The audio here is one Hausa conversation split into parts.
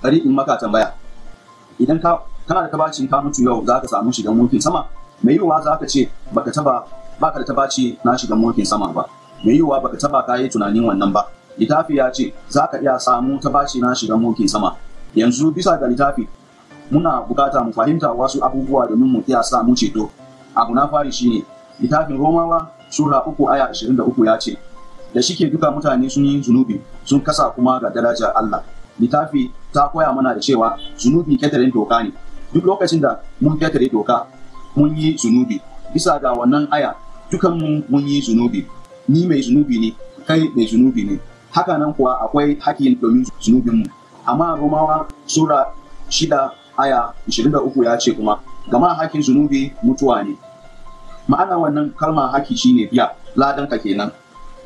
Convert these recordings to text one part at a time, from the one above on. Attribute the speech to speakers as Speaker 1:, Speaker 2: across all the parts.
Speaker 1: bari in maka tambaya idan ka kana da tabacin ka mutu yau za ka samu shigan mulkin sama mai yiwuwa za ka ce baka taba baka da tabaci na shigan mulkin sama ba mai yiwuwa baka taba ka yi tunanin wannan ba littafi ya ce za ka iya samu tabaci na shigan mulkin sama yanzu bisa ga littafi muna bukata mu fahimta wasu abubuwa domin mu iya samu ceto abu na fari shine littafin romawa sura uku aya ashirin da uku ya ce da shike duka mutane sun yi zunubi sun kasa kuma ga daraja Allah littafi ta koya mana da cewa zunubi ketare doka ne duk lokacin da mun ketare doka mun yi zunubi bisa ga wannan aya dukan mun yi zunubi ni mai zunubi ne kai mai zunubi ne haka nan kuwa akwai hakin domin zunubinmu amma romawa sura shida aya 23 ya ce kuma gama hakin zunubi mutuwa ne ma'ana wannan kalma haki shine biya ladanka kenan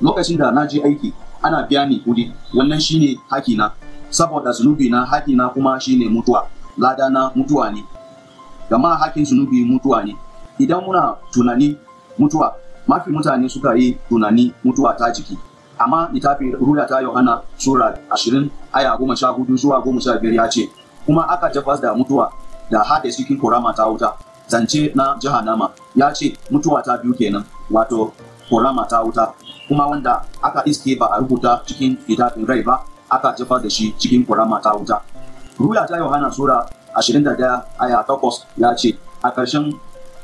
Speaker 1: lokacin da na je aiki ana biya ni kudi wannan shine haki na saboda zunubi na haƙi na kuma shine mutuwa lada na mutuwa ne gama haƙin zunubi mutuwa ne idan muna tunani mutuwa mafi mutane suka yi tunani mutuwa ta jiki amma littafin ruda ta yohana sura 20, aya goma sha hudu zuwa goma sha biyar ya ce kuma aka jefas da mutuwa da hada cikin kurama ta wuta zance na jahannama ya ce mutuwa ta biyu kenan wato kurama ta wuta kuma wanda aka iske ba a rubuta cikin littafin rai ba aka jefa da shi cikin kurama ta wuta ruya ta yohana sura 21 aya 8 ya ce a ƙarshen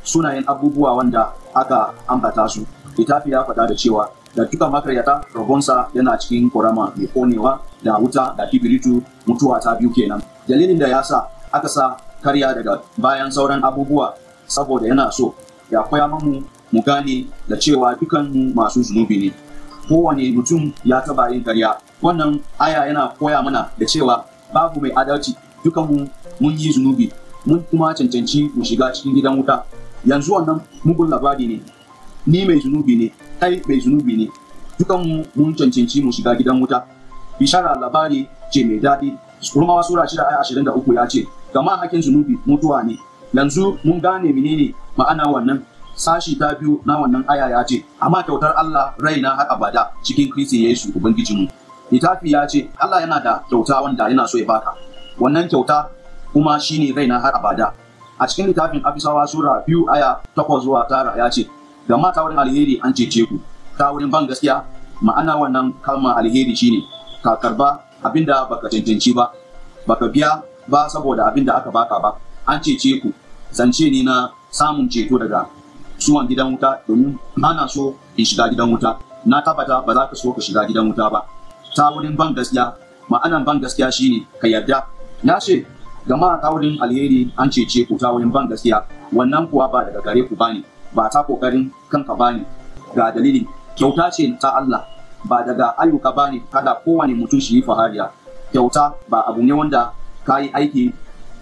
Speaker 1: sunayen abubuwa wanda aka ambata su litafi ya faɗa da cewa da duka makaryata rabonsa yana cikin kurama mai konewa da wuta da kibiritu mutuwa ta biyu kenan dalilin da ya sa aka sa karya daga bayan sauran abubuwa saboda yana so ya koya mamu mu gane da cewa dukanmu masu zunubi ne kowane mutum ya taba yin karya wannan aya yana koya mana da cewa babu mai adalci dukanmu mun yi zunubi mun kuma cancanci mu shiga cikin gidan wuta yanzu wannan mugun labari ne ni mai zunubi ne kai mai zunubi ne dukanmu mun cancanci mu shiga gidan wuta bishara labari ce mai daɗi Rumawa Sura shida aya ashirin da uku ya ce, Gama hakin zunubi mutuwa ne, yanzu mun gane menene ma'ana wannan sashi ta biyu na wannan aya ya ce, Amma kyautar Allah raina har bada cikin Kiristi Yesu Ubangijinmu. littafi ya ce Allah yana da kyauta wanda yana so ya baka wannan kyauta kuma shine raina har abada a cikin littafin afisawa sura biyu aya takwas zuwa tara ya ce gama ta wurin alheri an cece ku ta wurin ban gaskiya ma'ana wannan kalmar alheri shine ka karba abinda baka cancanci ba baka biya ba saboda abinda aka baka ba an cece ku zance ne na samun ceto daga suwan gidan wuta domin ba na so in shiga gidan wuta na tabbata ba za ka so ka shiga gidan wuta ba ta wurin ban gaskiya ma'anan ban gaskiya shine ka yarda na ce gama ta wurin alheri an cece ku ta wurin ban gaskiya wannan kuwa ba daga gare ku bane ba ta kokarin kanka bane ga dalilin kyauta ce ta Allah ba daga ayyuka bane kada kowane mutum shi yi fahariya kyauta ba abu ne wanda ka yi aiki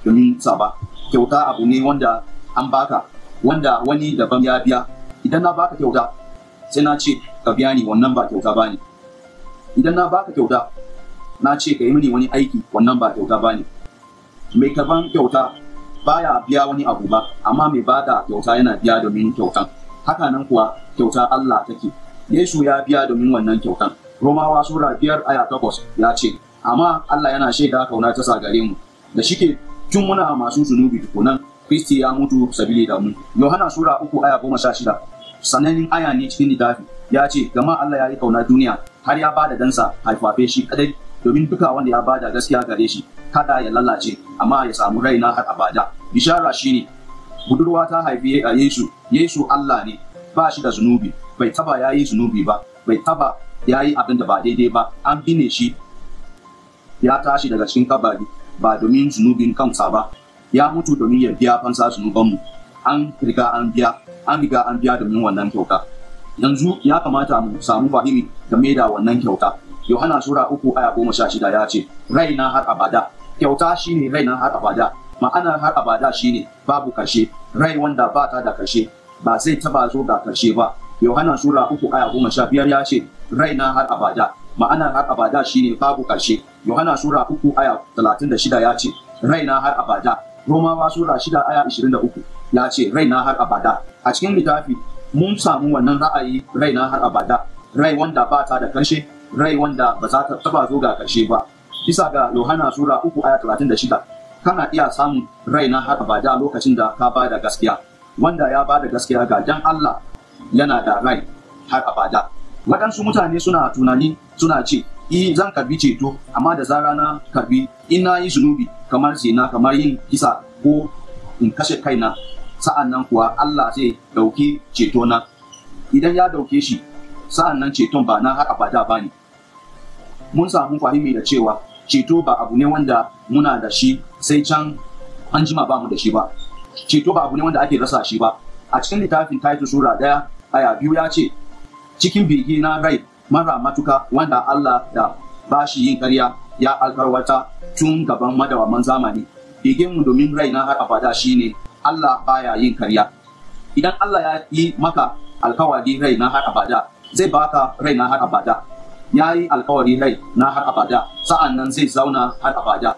Speaker 1: domin sa ba kyauta abu ne wanda an baka wanda wani daban ya biya idan na baka kyauta sai na ce ka biya ni wannan ba kyauta bane idan na baka kyauta na ce ka yi mini wani aiki wannan ba kyauta ba ne mai karban kyauta baya biya wani abu ba amma mai bada kyauta yana biya domin kyautan haka nan kuwa kyauta Allah take Yesu ya biya domin wannan kyautan Romawa sura biyar aya takwas ya ce amma Allah yana shaida kauna ta sa gare mu da shike tun muna masu zunubi tukunan Kristi ya mutu sabili da mu Yohana sura uku aya goma sha shida sananin aya ne cikin littafi ya ce gama Allah ya yi kauna duniya har ya bada dansa haifafe shi kadai domin duka wanda ya bada gaskiya gare shi kada ya lalace amma ya samu raina har abada bishara shine budurwa ta haifi a Yesu Yesu Allah ne ba shi da zunubi bai taba yayi zunubi ba bai taba yayi abin da ba daidai ba an bine shi ya tashi daga cikin kabari ba domin zunubin kansa ba ya mutu domin ya biya fansa zunubanmu an riga an biya an riga an biya domin wannan kyauta yanzu ya kamata mu samu fahimi game da wannan kyauta yohana sura uku aya goma sha shida ya ce raina har abada kyauta shine raina har abada ma'anar har abada shine babu karshe rai wanda ba ta da karshe ba zai taba zo ga karshe ba yohana sura uku aya goma sha biyar ya ce raina har abada ma'anar har abada shine babu karshe yohana sura uku aya talatin da shida ya ce raina har abada romawa sura shida aya ashirin da uku ya ce raina har abada a cikin littafi mun samu wannan ra'ayi rai na har abada rai wanda ba ta da karshe rai wanda ba za ta taba zo ga karshe ba bisa ga yohana sura uku aya talatin da shida kana iya samun rai na har abada lokacin da ka ba da gaskiya wanda ya ba da gaskiya ga dan Allah yana da rai har abada waɗansu mutane suna tunani suna ce i zan karbi ceto amma da zara na karbi in na yi zunubi kamar zina kamar yin kisa ko in kashe kaina sa'an nan kuwa Allah zai ɗauki ceto na idan ya ɗauke shi sa'an nan ceton ba na har abada ba ne mun samu fahimi da cewa ceto ba abu ne wanda muna da shi sai can an jima ba mu da shi ba ceto ba abu ne wanda ake rasa shi ba a cikin littafin titus sura daya aya biyu ya ce cikin bege na rai mara matuka wanda Allah da bashi yin karya ya alkarwata tun gaban madawaman zamani mu domin rai na har abada shine Allah baya yin karya idan Allah ya yi maka alkawari rai na har abada zai baka rai na har abada ya yi alkawari rai na har abada sa'an nan zai zauna har abada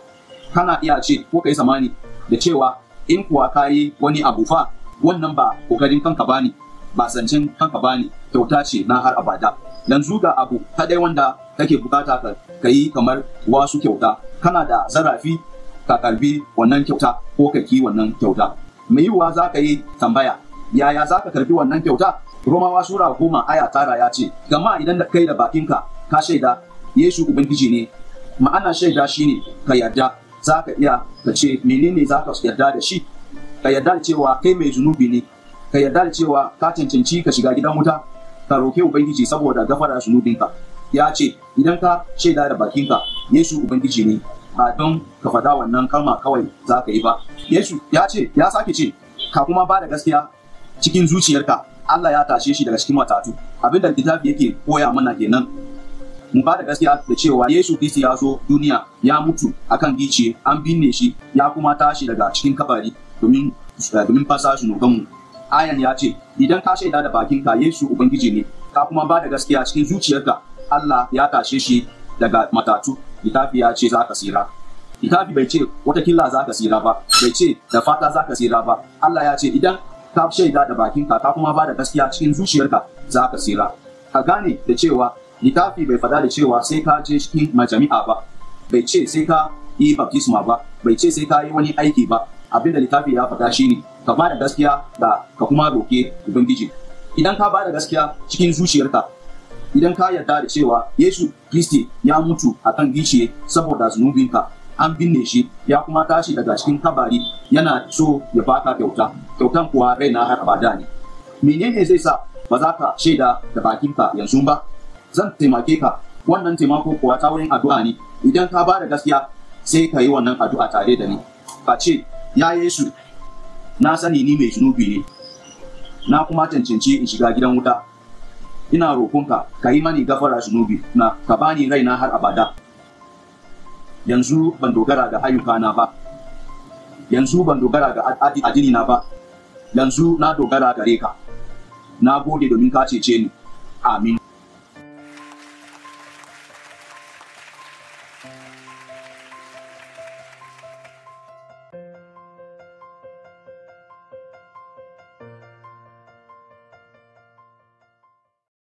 Speaker 1: kana iya ce ko yi samani da cewa in kuwa ka yi wani abu fa wannan ba kokarin kanka ba ne ba zancen kanka ba ne kyauta ce na har abada yanzu ga abu kadai wanda kake bukata ka yi kamar wasu kyauta kana da zarafi ka karbi wannan kyauta ko ka ki wannan kyauta mai yiwuwa za ka yi tambaya yaya za ka karbi wannan kyauta romawa sura goma aya tara ya ce gama idan da kai da bakinka ka shaida yesu ubangiji ne ma'ana shaida shine ka yarda za ka iya ka ce menene za ka yarda da shi ka yarda da cewa kai mai zunubi ne ka yarda da cewa ka cancanci ka shiga gidan wuta ka roke ubangiji saboda gafara zunubinka ya ce idan ka shaida da bakinka yesu ubangiji ne ba don ka faɗa wannan kalma kawai za ka yi ba yesu ya ce ya sake ce ka kuma ba da gaskiya cikin zuciyarka Allah ya tashe shi daga cikin matatu Abin da littafi yake koya mana kenan mu ba da gaskiya da cewa Yesu Kristi ya zo duniya ya mutu akan gice an binne shi ya kuma tashi daga cikin kabari domin eh, domin fasa su mu ayan ya ce idan ka shaida da bakin ka Yesu ubangiji ne ka kuma ba da gaskiya cikin zuciyarka Allah ya tashe shi daga matatu littafi ya ce za ka tsira littafi bai ce watakila za ka tsira ba bai ce da fata za ka tsira ba Allah ya ce idan ka shaida da bakinka ka kuma ba da gaskiya cikin zuciyarka za ka tsira ka gane da cewa littafi bai faɗa da cewa sai ka je cikin majami'a ba bai ce sai ka yi baptisma ba bai ce sai ka yi wani aiki ba Abinda da littafi ya faɗa ne. ka ba da gaskiya da ka kuma roke ubangiji idan ka ba da gaskiya cikin zuciyarka idan ka yarda da cewa Yesu Kristi ya mutu a kan gishiye saboda zunubinka an binne shi ya kuma tashi daga cikin kabari yana so ya baka kyauta kyautan kuwa rai na har abada ne menene zai sa ba za ka shaida da bakinka yanzu ba zan taimake ka wannan taimako kuwa ta wurin addu'a ne idan ka ba da gaskiya sai ka yi wannan addu'a tare da ni ka ce ya Yesu na sani ni mai zunubi ne na kuma cancanci in shiga gidan wuta ina roƙonka ka yi mani gafara zunubi na ka bani raina har abada yanzu ban dogara ga ayyukana ba yanzu ban dogara ga addini na ba yanzu na dogara gare ka na gode domin ka cece ni amin